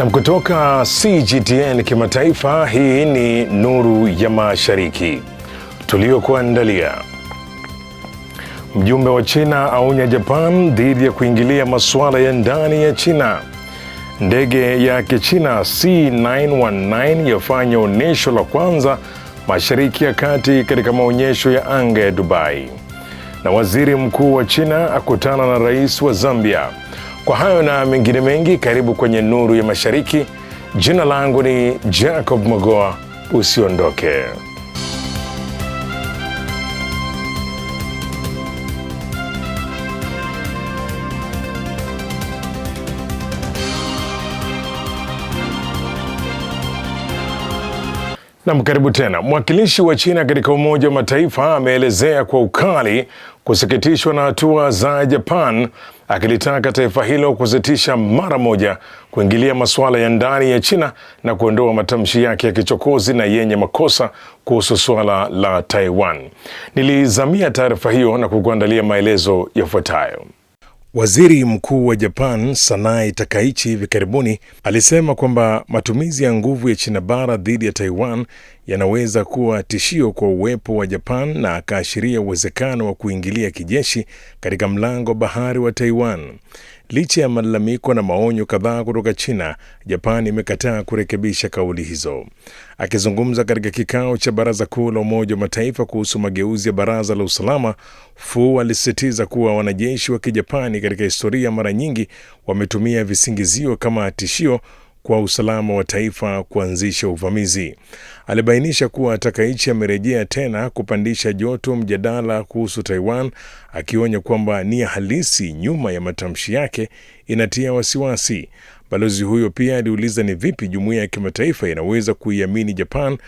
Nam kutoka CGTN kimataifa, hii ni Nuru ya Mashariki tuliyokuandalia. Mjumbe wa China aonya Japan dhidi ya kuingilia masuala ya ndani ya China. Ndege ya Kichina C919 yafanya onyesho la kwanza Mashariki ya Kati katika maonyesho ya anga ya Dubai. Na waziri mkuu wa China akutana na rais wa Zambia. Kwa hayo na mengine mengi, karibu kwenye Nuru ya Mashariki. Jina langu ni Jacob Mogoa, usiondoke. Nam, karibu tena. Mwakilishi wa China katika Umoja wa Mataifa ameelezea kwa ukali kusikitishwa na hatua za Japan akilitaka taifa hilo kusitisha mara moja kuingilia masuala ya ndani ya China na kuondoa matamshi yake ya kichokozi na yenye makosa kuhusu suala la Taiwan. Nilizamia taarifa hiyo na kukuandalia maelezo yafuatayo. Waziri Mkuu wa Japan Sanai Takaichi hivi karibuni alisema kwamba matumizi ya nguvu ya China bara dhidi ya Taiwan yanaweza kuwa tishio kwa uwepo wa Japan na akaashiria uwezekano wa kuingilia kijeshi katika mlango bahari wa Taiwan. Licha ya malalamiko na maonyo kadhaa kutoka China, Japan imekataa kurekebisha kauli hizo. Akizungumza katika kikao cha Baraza Kuu la Umoja wa Mataifa kuhusu mageuzi ya Baraza la Usalama, Fu alisisitiza kuwa wanajeshi wa Kijapani katika historia mara nyingi wametumia visingizio kama tishio kwa usalama wa taifa kuanzisha uvamizi alibainisha kuwa Takaichi amerejea tena kupandisha joto mjadala kuhusu Taiwan, akionya kwamba nia halisi nyuma ya matamshi yake inatia wasiwasi. Balozi huyo pia aliuliza ni vipi jumuiya ya kimataifa inaweza kuiamini Japan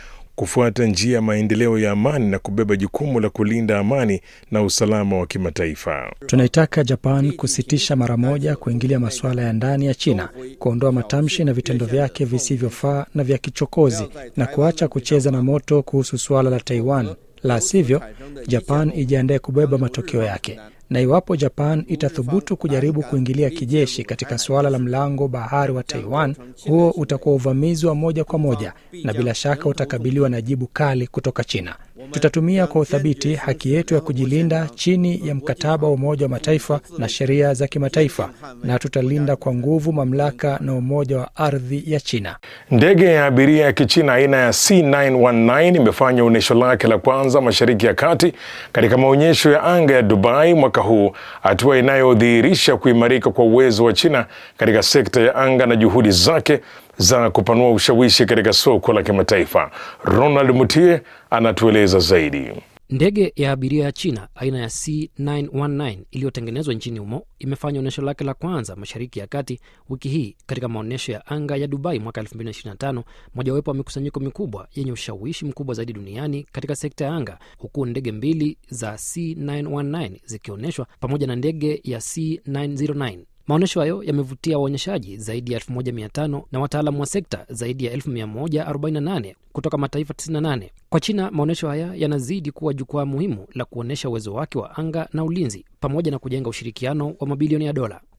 kufuata njia ya maendeleo ya amani na kubeba jukumu la kulinda amani na usalama wa kimataifa. Tunaitaka Japan kusitisha mara moja kuingilia masuala ya ndani ya China, kuondoa matamshi na vitendo vyake visivyofaa na vya kichokozi, na kuacha kucheza na moto kuhusu suala la Taiwan. La sivyo, Japan ijiandae kubeba matokeo yake na iwapo Japan itathubutu kujaribu kuingilia kijeshi katika suala la mlango bahari wa Taiwan, huo utakuwa uvamizi wa moja kwa moja na bila shaka utakabiliwa na jibu kali kutoka China. Tutatumia kwa uthabiti haki yetu ya kujilinda chini ya mkataba wa Umoja wa Mataifa na sheria za kimataifa, na tutalinda kwa nguvu mamlaka na umoja wa ardhi ya China. Ndege ya abiria ya Kichina aina ya C919 imefanya onyesho lake la kwanza Mashariki ya Kati katika maonyesho ya anga ya Dubai mwaka huu, hatua inayodhihirisha kuimarika kwa uwezo wa China katika sekta ya anga na juhudi zake za kupanua ushawishi katika soko la kimataifa. Ronald Mutie anatueleza zaidi. Ndege ya abiria ya China aina ya C919 iliyotengenezwa nchini humo imefanya onyesho lake la kwanza mashariki ya kati wiki hii katika maonyesho ya anga ya Dubai mwaka 2025, mojawapo wa mikusanyiko mikubwa yenye ushawishi mkubwa zaidi duniani katika sekta ya anga, huku ndege mbili za C919 zikionyeshwa pamoja na ndege ya C909 Maonyesho hayo yamevutia waonyeshaji zaidi ya 1500 na wataalamu wa sekta zaidi ya 1148 kutoka mataifa 98. Kwa China, maonyesho haya yanazidi kuwa jukwaa muhimu la kuonyesha uwezo wake wa anga na ulinzi pamoja na kujenga ushirikiano wa mabilioni ya dola.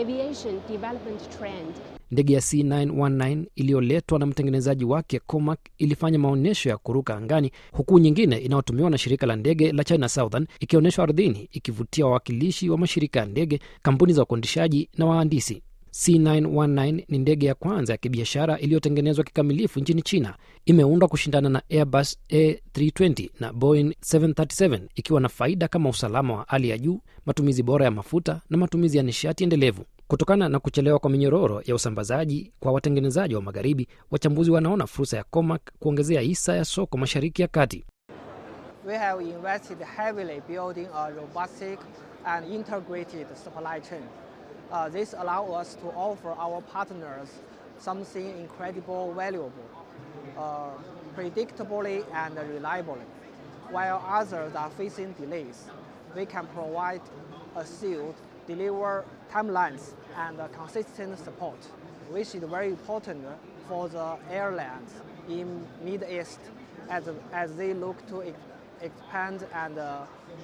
aviation development trend. Ndege ya C919 iliyoletwa na mtengenezaji wake Comac ilifanya maonyesho ya kuruka angani, huku nyingine inayotumiwa na shirika la ndege la China Southern ikionyeshwa ardhini, ikivutia wawakilishi wa mashirika ya ndege, kampuni za ukondishaji na wahandisi. C919 ni ndege ya kwanza ya kibiashara iliyotengenezwa kikamilifu nchini China. Imeundwa kushindana na Airbus A320 na Boeing 737 ikiwa na faida kama usalama wa hali ya juu, matumizi bora ya mafuta na matumizi ya nishati endelevu. Kutokana na kuchelewa kwa minyororo ya usambazaji kwa watengenezaji wa magharibi, wachambuzi wanaona fursa ya COMAC kuongezea hisa ya soko Mashariki ya Kati. We have invested heavily building a robust and integrated supply chain. Uh, this allows us to offer our partners something incredible valuable, uh, predictably and reliably. While others are facing delays, we can provide assured deliver timelines and consistent support, which is very important for the airlines in Middle East as, as they look to expand and uh,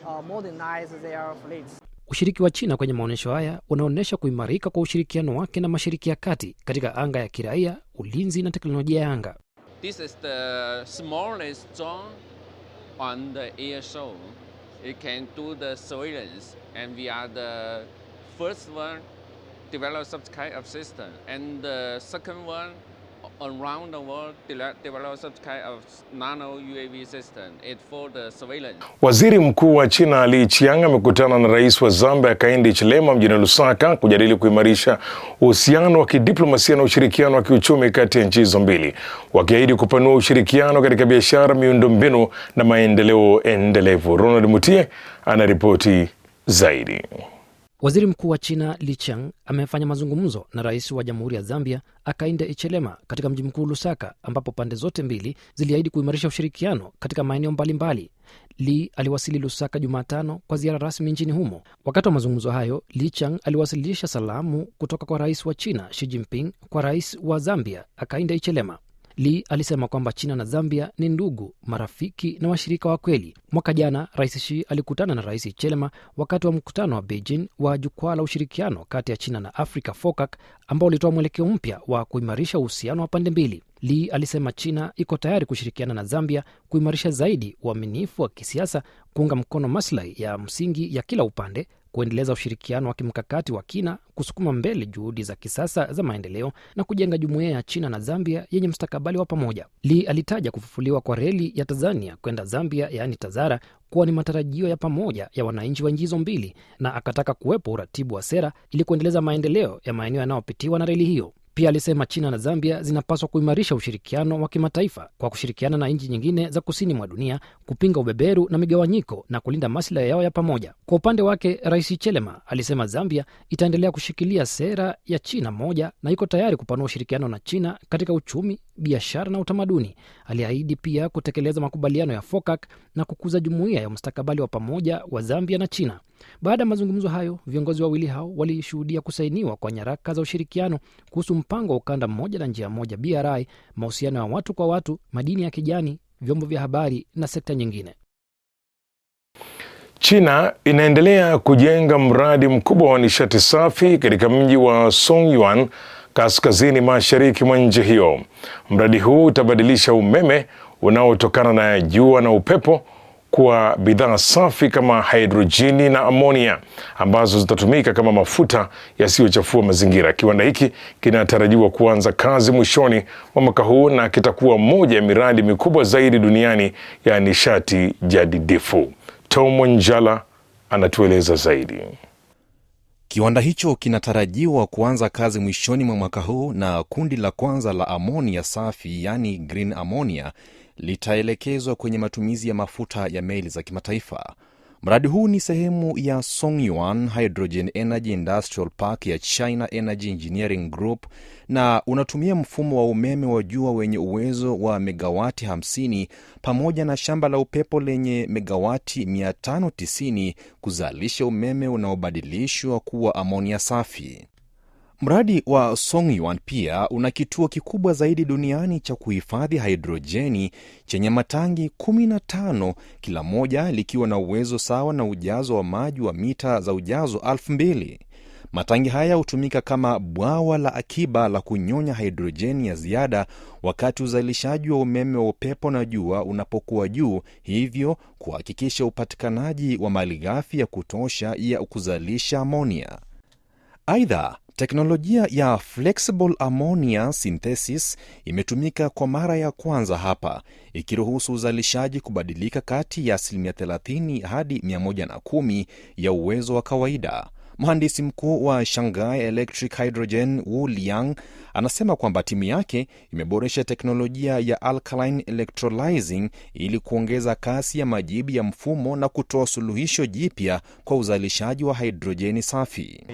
uh, modernize their fleets. Ushiriki wa China kwenye maonyesho haya unaonyesha kuimarika kwa ushirikiano wake na mashiriki ya Kati katika anga ya kiraia, ulinzi na teknolojia ya anga. This is the smallest on the air show. It can do the surveillance and we are the first one develop such kind of system and the second one around the world develop some kind of nano UAV system for the surveillance. Waziri Mkuu wa China Li Qiang amekutana na Rais wa Zambia Hakainde Hichilema mjini Lusaka kujadili kuimarisha uhusiano wa kidiplomasia na ushirikiano wa kiuchumi kati ya nchi hizo mbili, wakiahidi kupanua ushirikiano katika biashara, miundombinu na maendeleo endelevu. Ronald Mutie anaripoti zaidi. Waziri mkuu wa China Li Qiang amefanya mazungumzo na rais wa jamhuri ya Zambia Akainde Ichelema katika mji mkuu Lusaka, ambapo pande zote mbili ziliahidi kuimarisha ushirikiano katika maeneo mbalimbali. Li aliwasili Lusaka Jumatano kwa ziara rasmi nchini humo. Wakati wa mazungumzo hayo, Li chang aliwasilisha salamu kutoka kwa rais wa China Xi Jinping kwa rais wa Zambia Akainde Ichelema. Li alisema kwamba China na Zambia ni ndugu, marafiki na washirika wa kweli. Mwaka jana Rais shi alikutana na Rais Chelema wakati wa mkutano wa Beijing wa jukwaa la ushirikiano kati ya China na Afrika, FOCAC, ambao ulitoa mwelekeo mpya wa kuimarisha uhusiano wa pande mbili. Li alisema China iko tayari kushirikiana na Zambia kuimarisha zaidi uaminifu wa, wa kisiasa, kuunga mkono maslahi ya msingi ya kila upande kuendeleza ushirikiano wa kimkakati wa kina, kusukuma mbele juhudi za kisasa za maendeleo na kujenga jumuiya ya China na Zambia yenye mstakabali wa pamoja. Li alitaja kufufuliwa kwa reli ya Tanzania kwenda Zambia, yaani TAZARA, kuwa ni matarajio ya pamoja ya wananchi wa nchi hizo mbili, na akataka kuwepo uratibu wa sera ili kuendeleza maendeleo ya maeneo yanayopitiwa na reli hiyo. Pia alisema China na Zambia zinapaswa kuimarisha ushirikiano wa kimataifa kwa kushirikiana na nchi nyingine za kusini mwa dunia kupinga ubeberu na migawanyiko na kulinda maslahi yao ya pamoja. Kwa upande wake, Rais Chelema alisema Zambia itaendelea kushikilia sera ya China moja na iko tayari kupanua ushirikiano na China katika uchumi, biashara na utamaduni. Aliahidi pia kutekeleza makubaliano ya FOCAC na kukuza jumuiya ya mstakabali wa pamoja wa Zambia na China. Baada ya mazungumzo hayo, viongozi wawili hao walishuhudia kusainiwa kwa nyaraka za ushirikiano kuhusu mpango wa ukanda mmoja na njia moja BRI, mahusiano ya watu kwa watu, madini ya kijani vyombo vya habari na sekta nyingine. China inaendelea kujenga mradi mkubwa wa nishati safi katika mji wa Songyuan kaskazini mashariki mwa nchi hiyo. Mradi huu utabadilisha umeme unaotokana na jua na upepo kuwa bidhaa safi kama hidrojeni na amonia ambazo zitatumika kama mafuta yasiyochafua mazingira. Kiwanda hiki kinatarajiwa kuanza kazi mwishoni mwa mwaka huu na kitakuwa moja ya miradi mikubwa zaidi duniani ya nishati jadidifu. Tom Njala anatueleza zaidi. Kiwanda hicho kinatarajiwa kuanza kazi mwishoni mwa mwaka huu na kundi la kwanza la amonia safi, yani green ammonia litaelekezwa kwenye matumizi ya mafuta ya meli za kimataifa. Mradi huu ni sehemu ya Songyuan Hydrogen Energy Industrial Park ya China Energy Engineering Group na unatumia mfumo wa umeme wa jua wenye uwezo wa megawati 50 pamoja na shamba la upepo lenye megawati 590 kuzalisha umeme unaobadilishwa kuwa amonia safi. Mradi wa Songyuan pia una kituo kikubwa zaidi duniani cha kuhifadhi hidrojeni chenye matangi 15 kila moja likiwa na uwezo sawa na ujazo wa maji wa mita za ujazo 2000. Matangi haya hutumika kama bwawa la akiba la kunyonya hidrojeni ya ziada wakati uzalishaji wa umeme wa upepo na jua unapokuwa juu, hivyo kuhakikisha upatikanaji wa malighafi ya kutosha ya kuzalisha amonia. Aidha, Teknolojia ya flexible ammonia synthesis imetumika kwa mara ya kwanza hapa, ikiruhusu uzalishaji kubadilika kati ya asilimia 30 hadi 110 ya uwezo wa kawaida. Mhandisi mkuu wa Shanghai Electric Hydrogen Wu Liang anasema kwamba timu yake imeboresha teknolojia ya alkaline electrolizing ili kuongeza kasi ya majibu ya mfumo na kutoa suluhisho jipya kwa uzalishaji wa hidrojeni safi.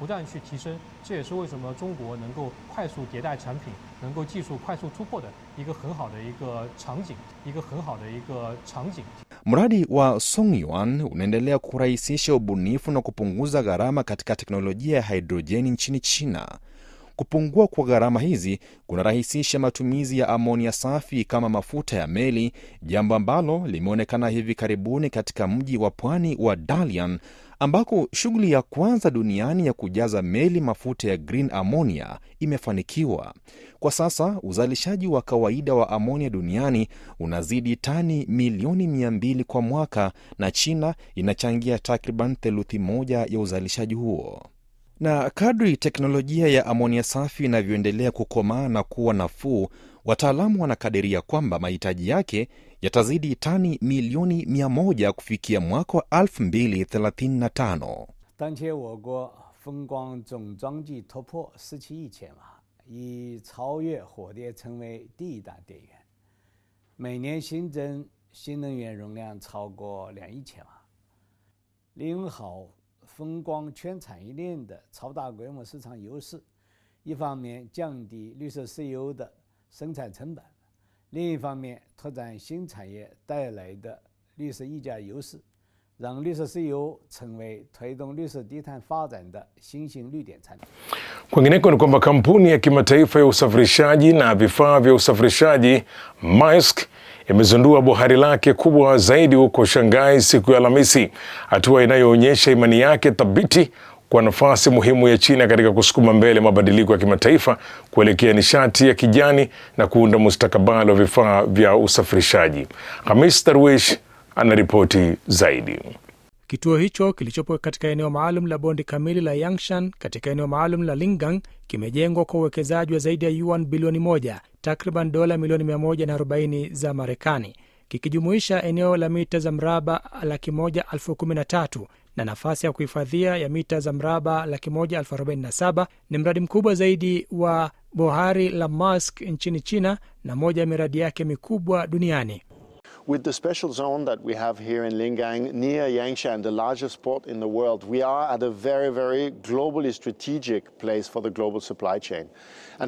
不断去提升。这也是为什么中国能够快速迭代产品，能够技术快速突破的一个很好的一个场景，一个很好的一个场景。Mradi wa Songyuan unaendelea kurahisisha ubunifu na kupunguza gharama katika teknolojia ya hidrojeni nchini China Kupungua kwa gharama hizi kunarahisisha matumizi ya amonia safi kama mafuta ya meli, jambo ambalo limeonekana hivi karibuni katika mji wa pwani wa Dalian ambako shughuli ya kwanza duniani ya kujaza meli mafuta ya green ammonia imefanikiwa. Kwa sasa uzalishaji wa kawaida wa amonia duniani unazidi tani milioni mia mbili kwa mwaka na China inachangia takriban theluthi moja ya uzalishaji huo. Na kadri teknolojia ya amonia safi inavyoendelea kukomaa na kuwa nafuu, wataalamu wanakadiria kwamba mahitaji yake yatazidi tani milioni 1 kufikia mwaka wa 2035. 风光全产业链的超大规模市场优势，一方面降低绿色石油的生产成本，另一方面拓展新产业带来的绿色溢价优势，让绿色石油成为推动绿色低碳发展的新型绿点产品。Kwingineko ni kwamba kampuni ya kimataifa ya usafirishaji na vifaa vya usafirishaji Maersk imezindua bohari lake kubwa zaidi huko Shanghai siku ya Alhamisi, hatua inayoonyesha imani yake thabiti kwa nafasi muhimu ya China katika kusukuma mbele mabadiliko ya kimataifa kuelekea nishati ya kijani na kuunda mustakabali wa vifaa vya usafirishaji. Hamis Darwish anaripoti zaidi. Kituo hicho kilichopo katika eneo maalum la bondi kamili la Yangshan katika eneo maalum la Lingang kimejengwa kwa uwekezaji wa zaidi ya yuan bilioni moja, takriban dola milioni 140 za Marekani, kikijumuisha eneo la mita za mraba laki moja elfu kumi na tatu na nafasi ya kuhifadhia ya mita za mraba laki moja elfu arobaini na saba. Ni mradi mkubwa zaidi wa bohari la Maersk nchini China na moja ya miradi yake mikubwa duniani. With the special zone that we have here in Lingang near Yangshan, the largest port in the world, we are at a very, very globally strategic place for the global supply chain.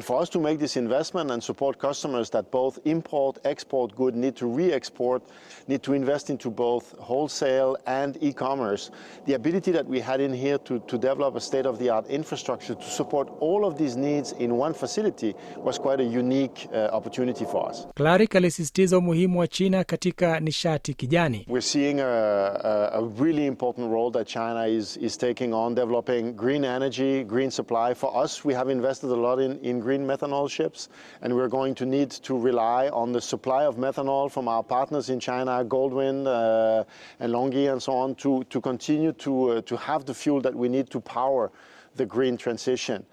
For us to make this investment and support customers that both import, export good, need to re-export, need to invest into both wholesale and e-commerce, the ability that we had in here to develop a state-of-the-art infrastructure to support all of these needs in one facility was quite a unique uh, opportunity for us. Clark alisisitiza umuhimu wa China katika nishati kijani. We're seeing a really important role that China is taking on developing green energy, green supply. For us, we have invested a lot in green methanol ships, and we're going to need to rely on the supply of methanol from our partners in China, Goldwind uh, and Longi and so on, to, to continue to, uh, to have the fuel that we need to power the green transition.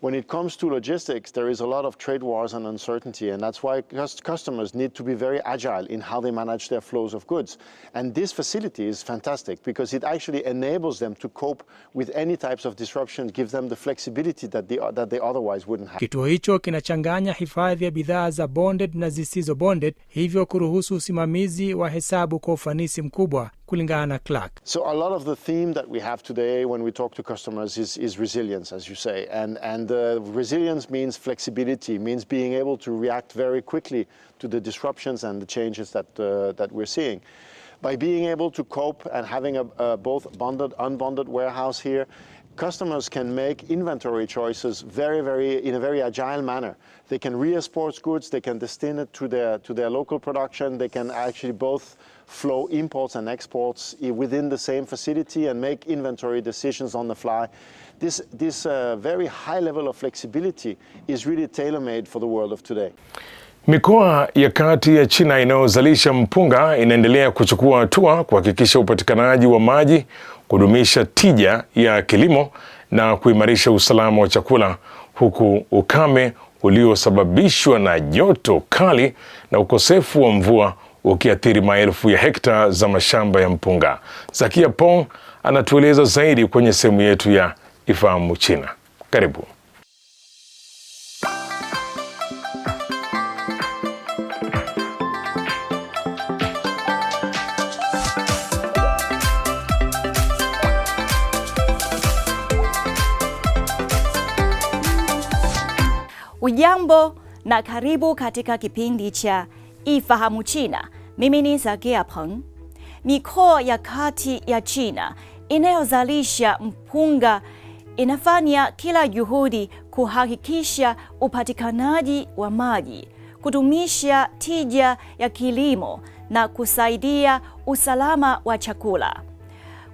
When it comes to logistics, there is a lot of trade wars and uncertainty, and that's why customers need to be very agile in how they manage their flows of goods. And this facility is fantastic because it actually enables them to cope with any types of disruption, give them the flexibility that they, that they otherwise wouldn't have. Kituo hicho kinachanganya hifadhi ya bidhaa za bonded na zisizo bonded, hivyo kuruhusu usimamizi wa hesabu kwa ufanisi mkubwa kulingana na Clark. So a lot of the theme that we have today when we talk to customers is, is resilience, as you say. And, and uh, resilience means flexibility, means being able to react very quickly to the disruptions and the changes that, uh, that we're seeing. By being able to cope and having a, a both bonded, unbonded warehouse here, customers can make inventory choices very, very in a very agile manner. They can re-export goods, they can destine it to their to their local production, they can actually both flow imports and exports within the same facility and make inventory decisions on the fly. This, this uh, very high level of flexibility is really tailor-made for the world of today. Mikoa ya kati ya China inayozalisha mpunga inaendelea kuchukua hatua kuhakikisha upatikanaji wa maji, kudumisha tija ya kilimo na kuimarisha usalama wa chakula huku ukame uliosababishwa na joto kali na ukosefu wa mvua ukiathiri maelfu ya hekta za mashamba ya mpunga. Zakia Pong anatueleza zaidi kwenye sehemu yetu ya Ifahamu China. Karibu. Ujambo na karibu katika kipindi cha Ifahamu China mimi za Giapong, mikoa ya kati ya China inayozalisha mpunga inafanya kila juhudi kuhakikisha upatikanaji wa maji, kudumisha tija ya kilimo na kusaidia usalama wa chakula.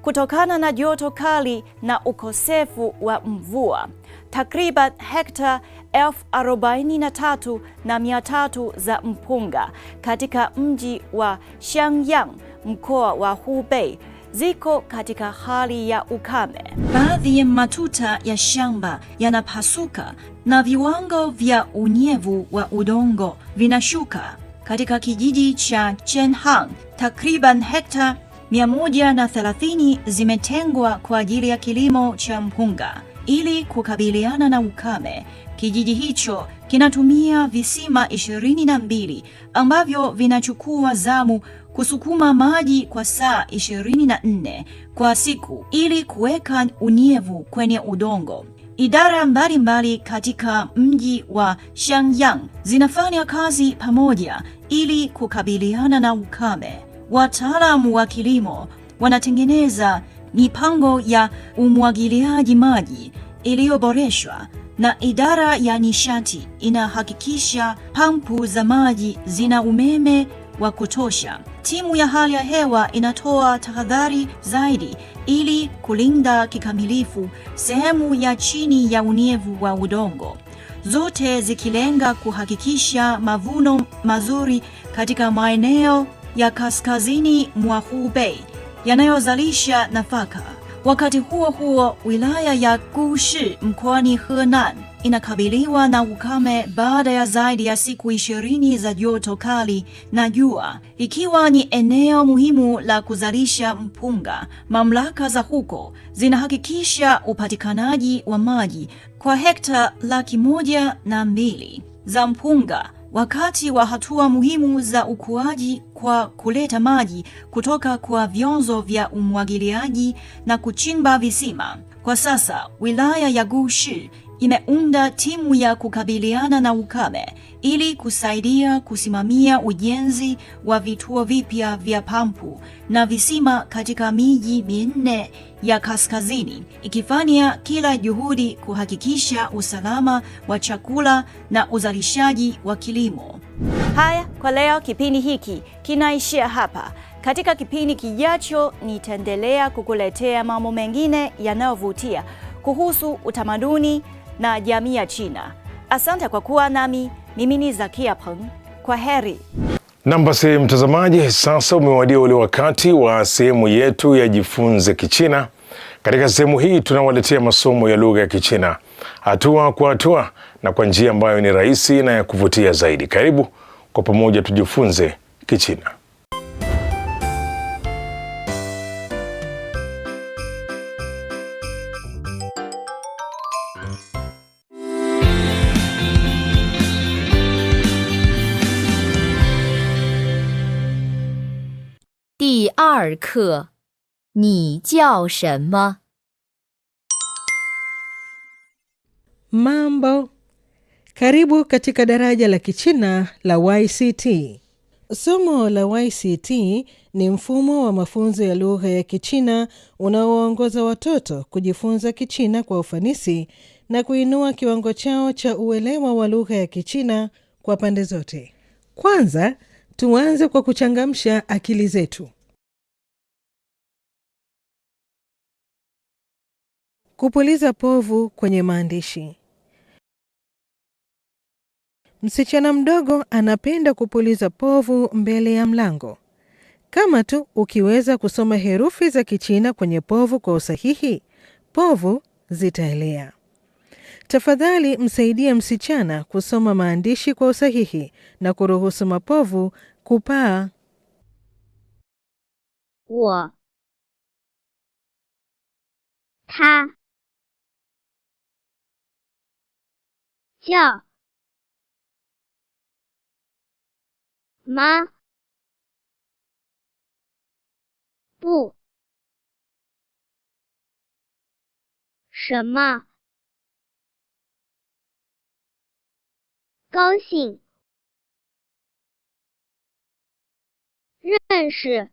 Kutokana na joto kali na ukosefu wa mvua, takriban hekta elfu arobaini na tatu na mia tatu za mpunga katika mji wa Xiangyang, mkoa wa Hubei ziko katika hali ya ukame. Baadhi ya matuta ya shamba yanapasuka na viwango vya unyevu wa udongo vinashuka. Katika kijiji cha Chenhang, takriban hekta 130 zimetengwa kwa ajili ya kilimo cha mpunga. Ili kukabiliana na ukame, kijiji hicho kinatumia visima ishirini na mbili ambavyo vinachukua zamu kusukuma maji kwa saa ishirini na nne kwa siku ili kuweka unyevu kwenye udongo. Idara mbalimbali katika mji wa Xiangyang zinafanya kazi pamoja ili kukabiliana na ukame. Wataalamu wa kilimo wanatengeneza mipango ya umwagiliaji maji iliyoboreshwa na idara ya nishati inahakikisha pampu za maji zina umeme wa kutosha. Timu ya hali ya hewa inatoa tahadhari zaidi ili kulinda kikamilifu sehemu ya chini ya unyevu wa udongo, zote zikilenga kuhakikisha mavuno mazuri katika maeneo ya kaskazini mwa Hubei yanayozalisha nafaka. Wakati huo huo, wilaya ya Gushi mkoani Henan inakabiliwa na ukame baada ya zaidi ya siku ishirini za joto kali na jua. Ikiwa ni eneo muhimu la kuzalisha mpunga, mamlaka za huko zinahakikisha upatikanaji wa maji kwa hekta laki moja na mbili za mpunga wakati wa hatua muhimu za ukuaji kwa kuleta maji kutoka kwa vyanzo vya umwagiliaji na kuchimba visima. Kwa sasa wilaya ya Gushi imeunda timu ya kukabiliana na ukame ili kusaidia kusimamia ujenzi wa vituo vipya vya pampu na visima katika miji minne ya kaskazini, ikifanya kila juhudi kuhakikisha usalama wa chakula na uzalishaji wa kilimo. Haya kwa leo, kipindi hiki kinaishia hapa. Katika kipindi kijacho, nitaendelea kukuletea mambo mengine yanayovutia kuhusu utamaduni na jamii ya China. Asante kwa kuwa nami, mimi ni Zakia Peng, kwa heri. Nam basi, mtazamaji, sasa umewadia ule wakati wa sehemu yetu ya jifunze Kichina. Katika sehemu hii tunawaletea masomo ya lugha ya Kichina hatua kwa hatua na kwa njia ambayo ni rahisi na ya kuvutia zaidi. Karibu kwa pamoja tujifunze Kichina. 二课，你叫什么？Mambo, karibu katika daraja la Kichina la YCT. Somo la YCT ni mfumo wa mafunzo ya lugha ya Kichina unaowaongoza watoto kujifunza Kichina kwa ufanisi na kuinua kiwango chao cha uelewa wa lugha ya Kichina kwa pande zote. Kwanza tuanze kwa kuchangamsha akili zetu. Kupuliza povu kwenye maandishi. Msichana mdogo anapenda kupuliza povu mbele ya mlango. Kama tu ukiweza kusoma herufi za Kichina kwenye povu kwa usahihi, povu zitaelea. Tafadhali msaidie msichana kusoma maandishi kwa usahihi na kuruhusu mapovu kupaa. wa ta 叫？妈？不？什么？高兴？认识？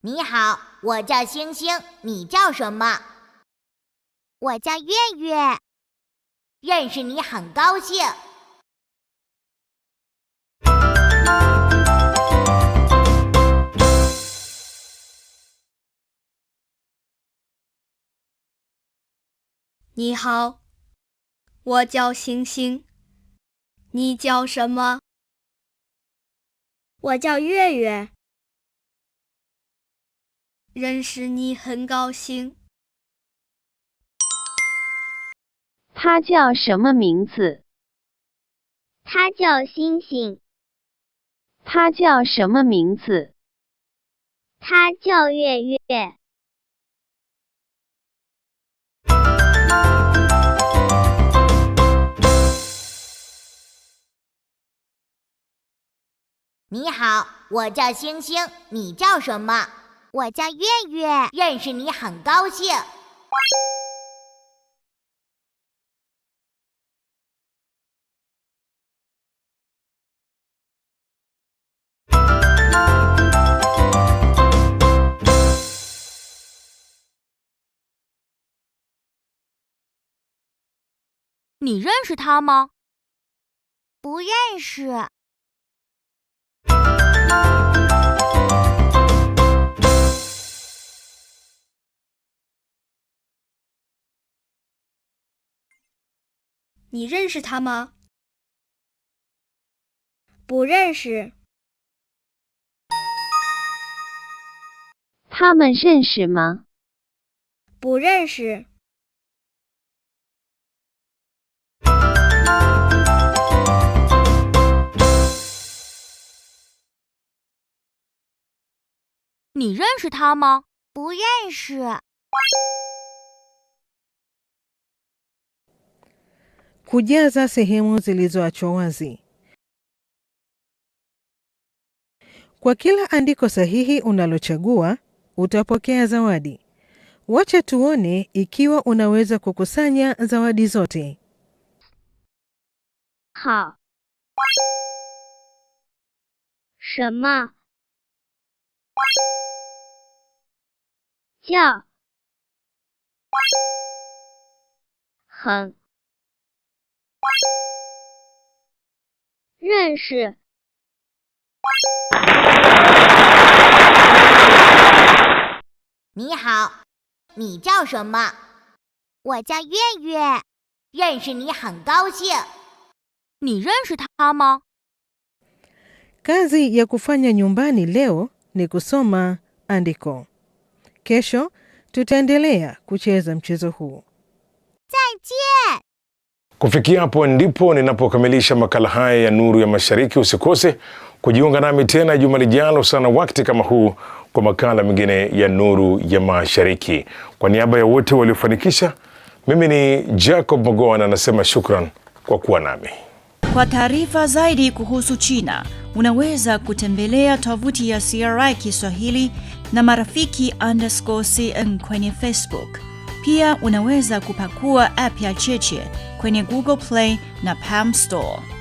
你好，我叫星星，你叫什么？我叫月月，认识你很高兴。你好，我叫星星。你叫什么？我叫月月。认识你很高兴。他叫什么名字？他叫星星。他叫什么名字？他叫月月。你好，我叫星星，你叫什么？我叫月月，认识你很高兴。你认识他吗？不认识。你认识他吗？不认识。他们认识吗？不认识。你认识他吗？不认识。kujaza sehemu zilizoachwa wazi. Kwa kila andiko sahihi unalochagua utapokea zawadi. Wacha tuone ikiwa unaweza kukusanya zawadi zote. Ha. Shama. Cha. Han. 认识。你好，你叫什么？我叫月月，认识你很高兴。你认识他吗？Kazi ya kufanya nyumbani leo ni kusoma andiko. Kesho tutaendelea kucheza mchezo huu. 再见。Kufikia hapo ndipo ninapokamilisha makala haya ya Nuru ya Mashariki. Usikose kujiunga nami tena juma lijalo sana wakati kama huu kwa makala mengine ya Nuru ya Mashariki. Kwa niaba ya wote waliofanikisha, mimi ni Jacob Mogoa na anasema shukran kwa kuwa nami. Kwa taarifa zaidi kuhusu China unaweza kutembelea tovuti ya CRI Kiswahili na marafiki underscore cn kwenye Facebook. Pia unaweza kupakua app ya Cheche kwenye Google Play na Palm Store.